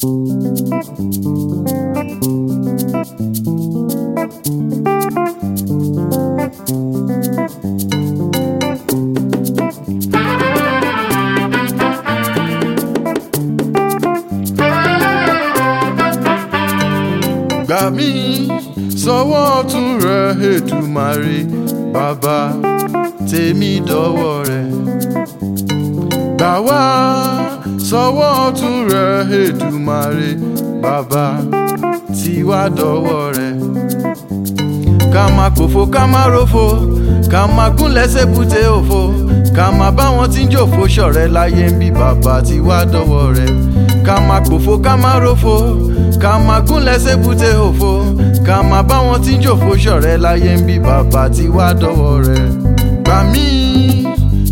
Gbà mí sọ́wọ́ ọ̀tún rẹ Èdùmàrè bàbá tèmi dọ́wọ́ rẹ gbà wá sọ́wọ́ ọ̀tún rẹ Èdùmàrè bàbá tiwa dọ́wọ́ rẹ. ká má pòfo ká má rofo ká má gúnlẹ̀ sébùté òfo ká má bá wọn tí ń jòfo ṣọ̀rẹ́ láyé ń bí bàbá tiwa dọ́wọ́ rẹ. ká má pòfo ká má rofo ká má gúnlẹ̀ sébùté òfo ká má bá wọn tí ń jòfo ṣọ̀rẹ́ láyé ń bí bàbá tiwa dọ́wọ́ rẹ. gbà míì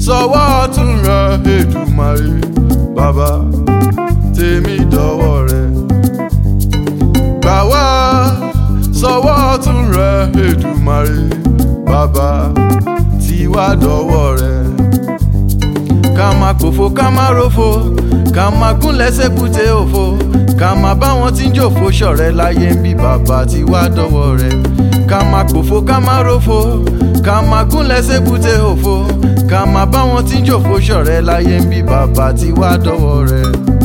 sọwọ́ ọ̀tún ràn Èdùmàrè bàbá tèmi dọwọ́ rẹ gbà wá sọwọ́ ọ̀tún ràn Èdùmàrè bàbá tiwa dọwọ́ rẹ ká má pòfo ká má rofo ká má gúnlẹ̀ sébùté òfo ká má báwọn tí ń jòfo ṣọ̀rẹ́ láyé ń bí bàbá tiwa dọwọ́ rẹ ká má pòfo ká má rofo ká má gúnlẹ̀ sébùté òfo ká máa bá wọn tí jòkó ṣọ̀rẹ́ láyé ń bí bàbá tí wá dọ́wọ́ rẹ̀.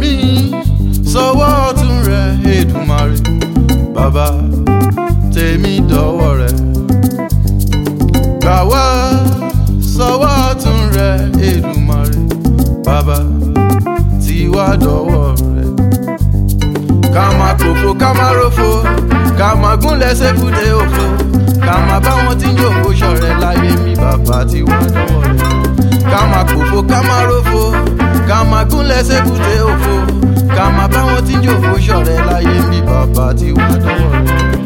mi sọwọ́ ọ̀tún rẹ Èdùmàrè bàbá tèmi dọ̀wọ́ rẹ gbà wá sọwọ́ ọ̀tún rẹ Èdùmàrè bàbá tiwa dọ̀wọ́ rẹ ká máa kòfò ká máa ròfò ká máa gúnlẹ̀ ṣèkúdé òfò ká máa bá wọn tí ń yòókù ṣọ̀rẹ́ láyé mi bàbá tiwa dọ̀wọ́ rẹ ká máa kòfò ká ká máa gúnlẹ̀ sébùté òfo ká máa bá wọn tí jòfó ṣọ̀rẹ́ láyé bí bàbá ti wá dọ́wọ́ rẹ̀.